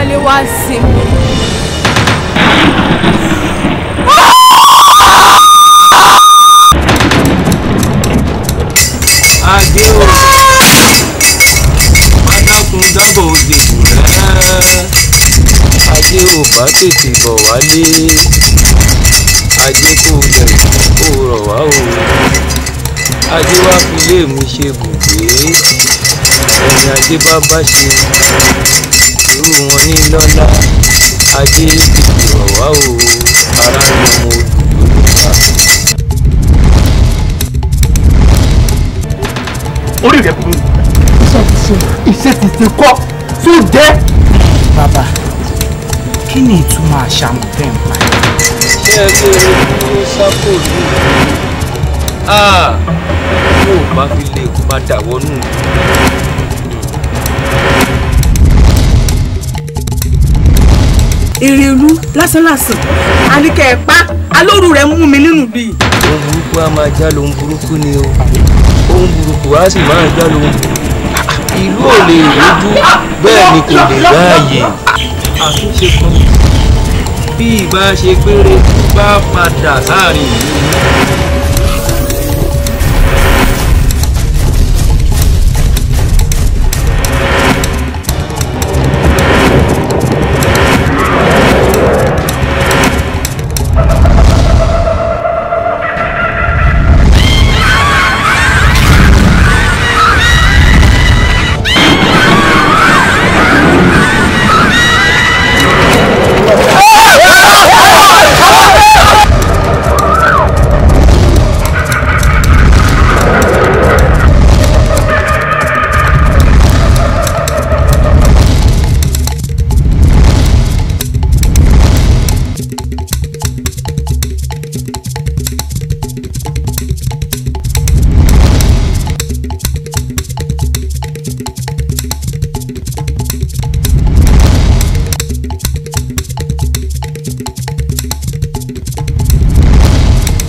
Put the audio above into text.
wálé wá sí mi. adé o pátákùn dábọ̀ òde rẹ̀ adé ò bá tètè bọ̀ wálé ajé kò lẹ̀kùn kò rọ̀ wá o ajé wá fi lé mi ṣe gùn gbé ajé bá bá ṣe irú wọn ní lọ́lá ajé tètè rọ̀ wá o ara ni mo lòlúwa. orí rẹ kúrú. iṣẹ́ ti ṣe. iṣẹ́ ti ṣe kọ́ tó jẹ́. bàbá kí ni ìtumọ̀ àṣà mi fẹ́ ń pa. ṣé ẹ lè rí i sápò yìí. mo ah! ò bá fi lè padà wọnú. lásánlàsàn àníkẹ́ ẹ̀ pa alóru rẹ̀ mú mi nínú bí. ohun burúkú á máa já lóhun burúkú ni o ohun burúkú á sì máa já lóhun ìlú ò lè rojú bẹ́ẹ̀ ni kò lè ráàyè. àtúnṣe kan bí ìbá ṣe péré bá padà sáàrin ìlú.